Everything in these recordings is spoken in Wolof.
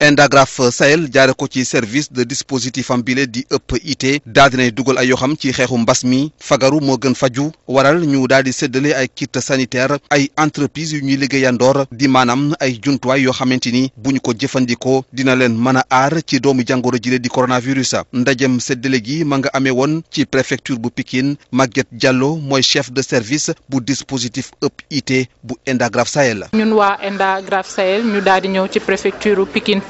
Indagraf Sahel jaare ko ci service de dispositif am bile di ëpp it daal dinay dugal ay yoo xam ci xeexu mbas mi fagaru moo gën faju waral ñu daal di séddale ay kit sanitaire ay entreprise yu ñuy liggéeyandoor di maanaam ay jumtuwaay yoo xamante ni bu ñu ko jëfandikoo dina leen mën a aar ci doomu jàngoro jile di coronavirus ndajem séddale gi ma nga amee woon ci préfecture bu pikin Maguette Diallo mooy chef de service bu dispositif ëpp it bu Indagraf Sahel. ñun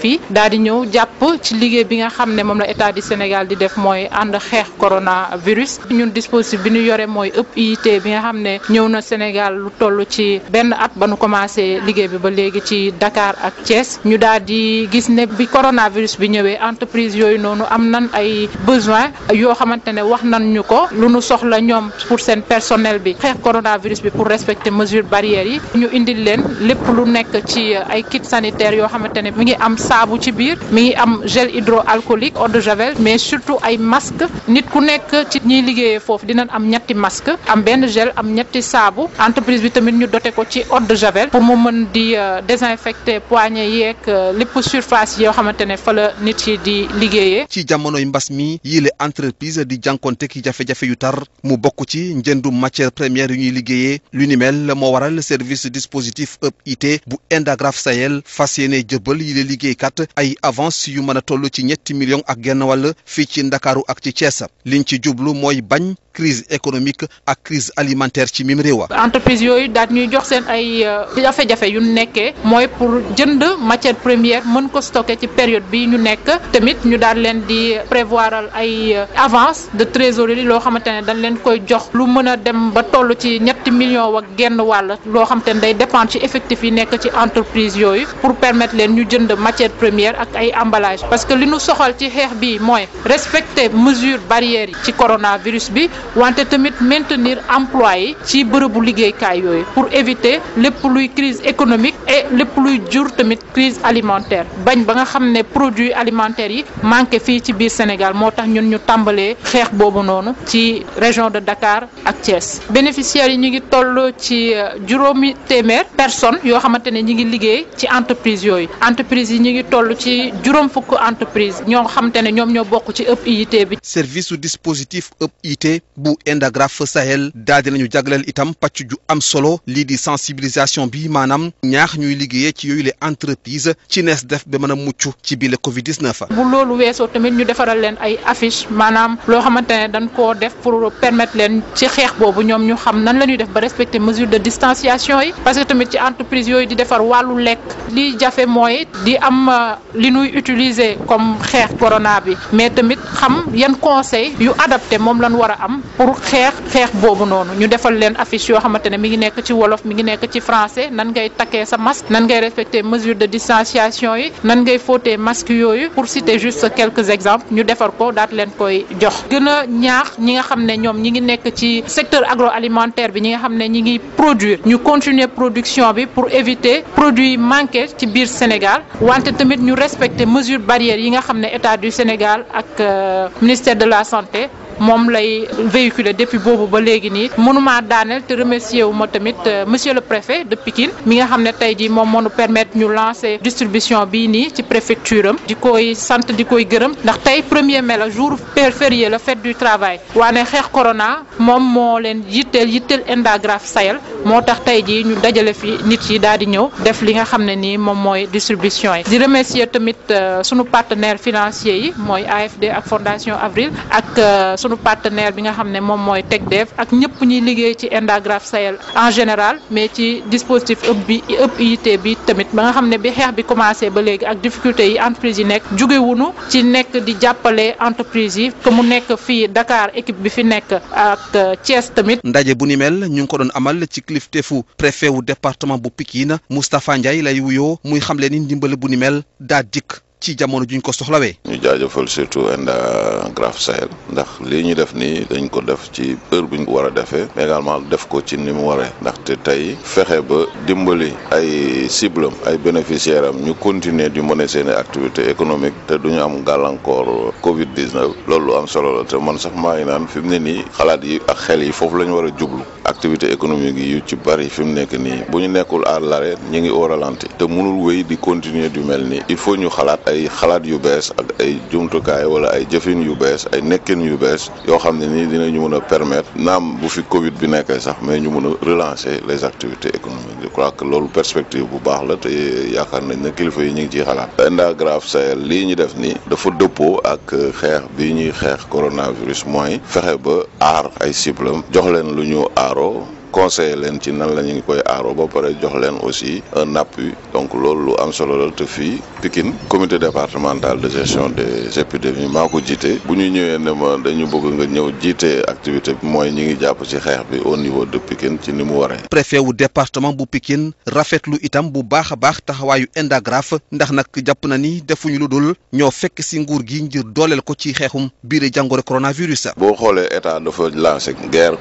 fii daal di ñëw jàpp ci liggéey bi nga xam ne moom la état du Sénégal di def mooy ànd xeex coronavirus ñun dispositif bi ñu yore mooy ëpp IIT bi nga xam ne ñëw na Sénégal lu toll ci benn at ba nu commencé liggéey bi ba léegi ci Dakar ak Thiès ñu daal di gis ne bi coronavirus bi ñëwee entreprise yooyu noonu am nan ay besoin yoo xamante ne wax nan ñu ko lu nu soxla ñoom pour seen personnel bi xeex coronavirus bi pour respecter mesures barrières yi ñu indil leen lépp lu nekk ci ay kit sanitaire yoo xamante mi ngi am saabu ci biir mi ngi am gel hydroalcoolique eau de javel mais surtout ay masque nit ku nekk ci ñiy liggéeyee foofu dinañ am ñetti masque am benn gel am ñetti saabu entreprise bi tamit ñu dote ko ci eau de javel pour mu mën di euh, désinfecter poignée yeeg euh, lépp surface yoo xamante ne fa la nit yi di liggéeyee. ci jamonoy mbas mi yile entreprise di jànkonte ki jafe-jafe yu tar mu bokk ci njëndu matière première yu ñuy liggéeyee lu ni mel moo waral service dispositif EIT bu Indagraf fas yéene jëbal yile liggéey liggéeykat ay avance yu mën a toll ci ñetti millions ak genn wàll fii ci Ndakaaru ak ci Thiès liñ ci jublu mooy bañ crise économique ak crise alimentaire ci mim réewa entreprise yooyu daat ñuy jox seen ay euh, jafe-jafe yu nekkee mooy pour jënd matière première mën ko stocké ci période bi ñu nekk tamit ñu daal leen di prévoiral ay euh, avance de trésorerie loo xamante ne dañ leen koy jox lu mën a dem ba toll ci ñetti million ak genn wàll loo xamante ne day dépendre ci effectif yi nekk ci entreprise yooyu pour permettre leen ñu jënd matière première ak ay emballage parce que bi wante tamit maintenir emploi yi ci bërëbu liggéeykaay yooyu pour éviter lépp luy crise économique et lépp luy jur tamit crise alimentaire bañ ba nga xam ne produits alimentaires yi manqué fii ci biir Sénégal moo tax ñun ñu tàmbalee xeex boobu noonu ci région de Dakar ak Thiès bénéficiaires yi ñu ngi toll ci euh, juróomi téeméer personnes yoo xamante ne ñu ngi liggéey ci entreprise yooyu entreprise yi ñu ngi toll ci juróom fukk entreprise ñoo xamante ne ñoom ñoo bokk ci ëpp IT bi. service su dispositif ëpp bu Indagraf Sahel daal nañu jagleel itam pàcc ju am solo lii di sensibilisation bi maanaam ñaax ñuy liggéeyee ci yooyu les entreprises ci nees def ba mën a mucc ci biir Covid 19. bu loolu weesoo tamit ñu defaral leen ay affiche maanaam loo xamante ne dañ koo def pour permettre leen ci xeex boobu ñoom ñu xam nan la ñuy def ba respecter mesure de distanciation yi parce que tamit ci entreprise yooyu di defar wàllu lekk li jafe mooy di am euh, li ñuy utiliser comme xeex corona bi mais tamit xam yan conseil yu adapté moom lañ war a am. pour xeex xeex boobu noonu ñu defal leen affiche yoo xamante ne mi ngi nekk ci wolof mi ngi nekk ci français nan ngay takkee sa masque nan ngay respecter mesure de distanciation yi nan ngay fóotee masque yooyu pour citer juste quelques exemple ñu defar ko daat leen koy jox gën a ñaax ñi nga xam ne ñoom ñi ngi nekk ci secteur alimentaire bi ñi nga xam ne ñi ngi produire ñu continuer production bi pour éviter produits manqué ci biir Sénégal wante tamit ñu respecter mesure barrière yi nga xam ne état du Sénégal ak euh, ministère de la santé moom lay véhiculer depuis boobu ba léegi nii mënumaa daaneel te remercier wu ma tamit euh, monsieur le préfet de Pikine mi nga xam ne tey jii moom moo ñu permettre ñu lancer distribution bii nii ci préfecture am di koy sant di koy gërëm ndax tey premier mai la jour férié la fête du travail waane xeex corona moom moo leen yitteel yitteel Indagraf sayal moo tax tey jii ñu dajale fi nit yi daal di ñëw def li nga xam ne nii moom mooy distribution yi di remercier tamit euh, sunu partenaires financiers yi mooy AFD ak Fondation ak euh, sunu partenaire bi nga xam ne moom mooy teg TECDEV ak ñëpp ñuy liggéey ci Endagraph Sahel en général mais ci dispositif ëpp bi ëpp IT bi tamit ba nga xam ne bi xeex bi commencé ba léegi ak difficulté yi entreprise yi nekk jóge wunu ci nekk di jàppale entreprise yi que mu nekk fii Dakar équipe bi fi nekk ak Thiès tamit. ndaje bu ni mel ñu ngi ko doon amal ci kilifteefu préfet wu département bu Pikine Moustapha Ndiaye lay wuyoo muy xamle ni ndimbal bu ni mel daa dikk. ci jamono juñ ko soxlawee. ñu jaajëfal surtout Enda Graf Sahel ndax lii ñu def nii dañ ko def ci heure bu ñu war a defee mais def ko ci ni mu waree ndaxte tey fexe ba dimbali ay cible ay bénéficiaires am ñu continuer di mener seeni activité économique te du ñu am gàllankoor Covid 19 loolu lu am solo la te man sax maa ngi naan fi mu ne nii xalaat yi ak xel yi foofu la ñu war a jublu activité économique yi yu ci bari fi mu nekk nii bu ñu nekkul à l'arrêt ñu ngi au ralenti te mënul wéy di continuer du mel nii il faut ñu xalaat. ay xalaat yu bees ak ay jumtukaay wala ay jëfin yu bees ay nekkin yu bees yoo xam ne nii dinañu mun a permettre naam bu fi Covid bi nekkee sax mais ñu mun a relancer les activités économiques je crois que loolu perspective bu baax la te yaakaar nañ ne kilifa yi ñu ngi ciy xalaat. Enda Grave Sahel lii ñu def nii dafa dëppoo ak xeex bi ñuy xeex coronavirus mooy fexe ba aar ay cible am jox leen lu ñu aaroo. conseiller leen ci nan la ñu ngi koy aaroo ba pare jox leen aussi un appui donc loolu lu am solo la te fii Pikine comité départemental de gestion des épidémies maa jiite bu ñu ñëwee ne ma dañu bëgg nga ñëw jiite activité mooy ñi ngi jàpp ci xeex bi au niveau de Pikine ci ni mu waree. préfet wu département bu Pikine rafetlu itam bu baax a baax taxawaayu Indagraf ndax nag jàpp na ni defuñu lu dul ñoo fekk si nguur gi ngir dooleel ko ci xeexum biir jàngoro coronavirus. boo xoolee état dafa lancé guerre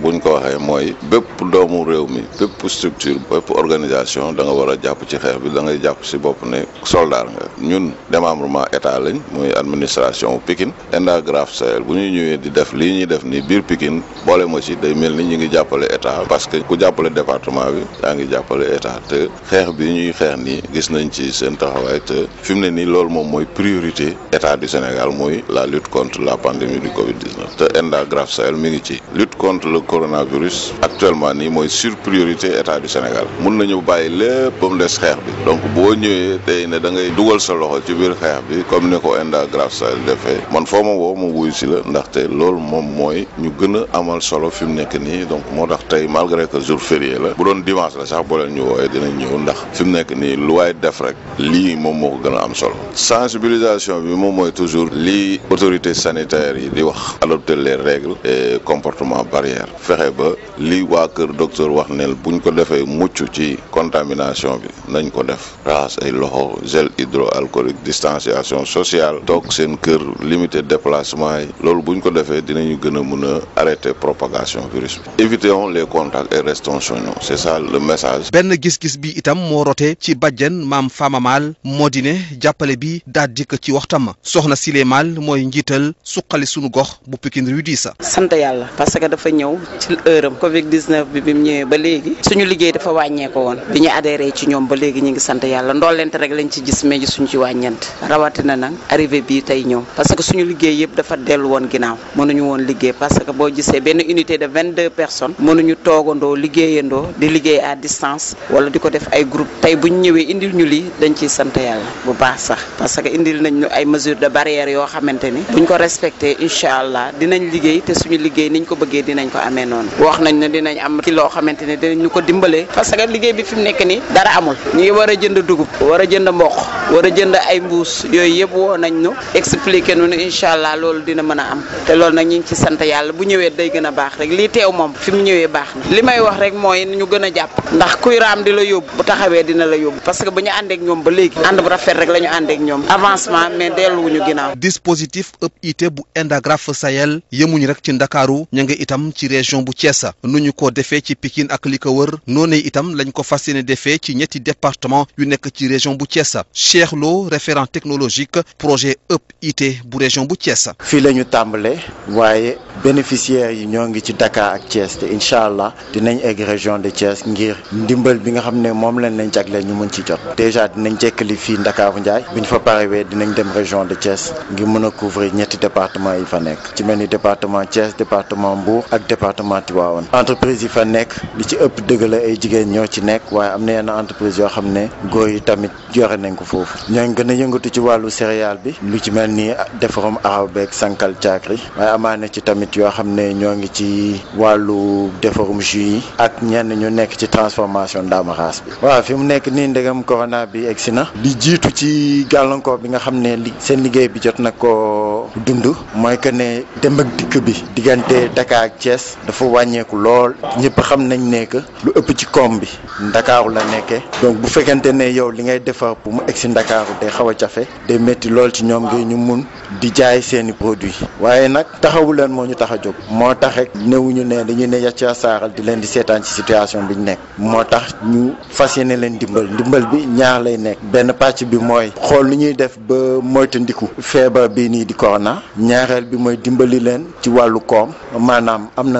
nag ko waxee mooy bépp doomu réew mi bépp structure bépp organisation da nga jàpp ci xeex bi da ngay jàpp si bopp ne soldat nga ñun démembrement état lañ muy administration Pikine Endagraf Sahel bu ñuy ñëwee di def lii ñuy def nii biir Pikine boole ma ci de mel ni ñu ngi jàppale état parce que ku jàppale département bi yaa ngi jàppale état te xeex bi ñuy xeex nii gis nañ ci seen taxawaay te fi mu ne nii loolu moom mooy priorité état du Sénégal mooy la lutte contre la pandémie ci le coronavirus actuellement nii mooy sur priorité état du Sénégal mun nañu bàyyi lépp ba mu des xeex bi donc boo ñëwee tey ne da ngay dugal solo ci biir xeex bi comme ni ko Enda Graf Sall defee man foo ma woo ma wuyu si la ndaxte loolu moom mooy ñu gën a amal solo fi mu nekk nii donc moo tax tey malgré que jour férié la bu doon dimanche la sax boo ñu woowee dinañ ñëw ndax fi mu nekk nii lu waaye def rek lii moom moo ko gën a am solo sensibilisation bi moom mooy toujours li autorités sanitaires yi di wax adopter les règles comportement barrière sanitaire fexe ba lii waa kër docteur wax neel buñ ko defee mucc ci contamination bi nañ ko def raxas ay loxo gel hydroalcoolique distanciation sociale toog seen kër limité déplacement yi loolu buñ ko defee dinañu gën a mën a arrêter propagation virus bi évitons les contacts et restons chez nous c'est ça le message. benn gis-gis bi itam moo rote ci bajjen maam Fama Mal moo di ne jàppale bi daal ci waxtam soxna Sile Mal mooy njiital suqali sunu gox bu Pikine rue ñëw ci heure am Covid 19 bi bi mu ñëwee ba léegi suñu liggéey dafa wàññeeku woon bi ñu adhéré ci ñoom ba léegi ñu ngi sant yàlla ndolleente rek lañ ci gis mais suñu ci wàññeent rawatina nag arrivé bii tey ñëw parce que suñu liggéey yëpp dafa dellu woon ginnaaw mënuñu woon liggéey parce que boo gisee benn unité de 22 personnes mënuñu toogandoo liggéeyandoo di liggéey à distance wala di ko def ay groupe tey bu ñu ñëwee indil ñu lii dañ ciy sant yàlla bu baax sax parce que indil nañ ñu ay mesures de barrière yoo xamante ni buñ ko respecté incha allah dinañ liggéey te suñu liggéey niñ ko bëggee dinañ ko amee noonu wax nañ ne dinañ am ci loo xamante ne dinañ ñu ko dimbalee parce que liggéey bi fi mu nekk ni dara amul ñu ngi war a jënd dugub war a jënd mboq war a jënd ay mbuus yooyu yëpp woo nañ ñu expliqué nu ne incha allah loolu dina mën a am te loolu nag ñu ngi ci sant yàlla bu ñëwee day gën a baax rek lii teew moom fi mu ñëwee baax na li may wax rek mooy ñu gën a jàpp ndax kuy raam di la yóbbu bu taxawee dina la yóbbu parce que ba ñu àndeek ñoom ba léegi ànd bu rafet rek la ñu àndeek ñoom avancement mais delluwuñu ginnaaw dispositif ëpp ité bu Indagraf Sahel yemuñu rek région bu Thiès nu ñu ko defee ci Pikine ak li ko wër noonu itam lañ ko fas yéene defee ci ñetti département yu nekk ci région bu Thiès Cheikh Lo référent technologique projet ëpp IT bu région bu Thiès. fii la ñu tàmbalee waaye bénéficiaires yi ñoo ngi ci Dakar ak Thiès te incha allah dinañ egg région de Thiès ngir ndimbal bi nga xam ne moom lañ leen jagleel ñu mën ci jot déjà dinañ jekkali fii Ndakaaru Ndiaye bu ñu fa parewee dinañ dem région de Thiès ngir mën a couvrir ñetti fa nekk département Tivaouane entreprise yi fa nekk li ci ëpp dëgg la ay jigéen ñoo ci nekk waaye am na yenn entreprise yoo xam ne góor tamit joxe nañ ko gën a yëngatu ci wàllu céréale bi lu ci mel ni defarum araw beeg sankal caakri waaye amaana ci tamit yoo xam ne ñoo ngi ci wàllu defarum jus yi ak ñenn ñu nekk ci transformation ndaamaraas bi waaw fi mu nekk nii ndegam corona bi egsi na li jiitu ci gàllankoor bi nga xam ne li seen liggéey bi jot na ko dund mooy que ne dafa wàññeeku lool ñëpp xam nañ ne que lu ëpp ci koom bi ndakaaru la nekkee donc bu fekkente ne yow li ngay defar pour mu egg si ndakaaru day xaw a jafe day métti lool ci ñoom ngir ñu mun di jaay seeni produits waaye nag taxawu leen moo ñu tax a jóg moo tax rek ñu ne dañuy ne yàcc saaral di leen di seetaan ci situation bi ñu nekk moo tax ñu fas yéene leen dimbal ndimbal bi ñaar lay nekk benn pàcc bi mooy xool lu ñuy def ba moytandiku feebar bii nii di corona ñaareel bi mooy dimbali leen ci wàllu koom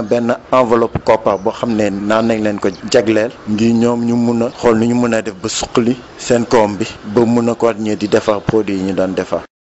benn enveloppe COPPA boo xam ne naan nañ leen ko jagleel ngir ñoom ñu mun a xool nu ñu mën a def ba suqali seen koom bi ba mun a continuer di defar produit yi ñu doon defar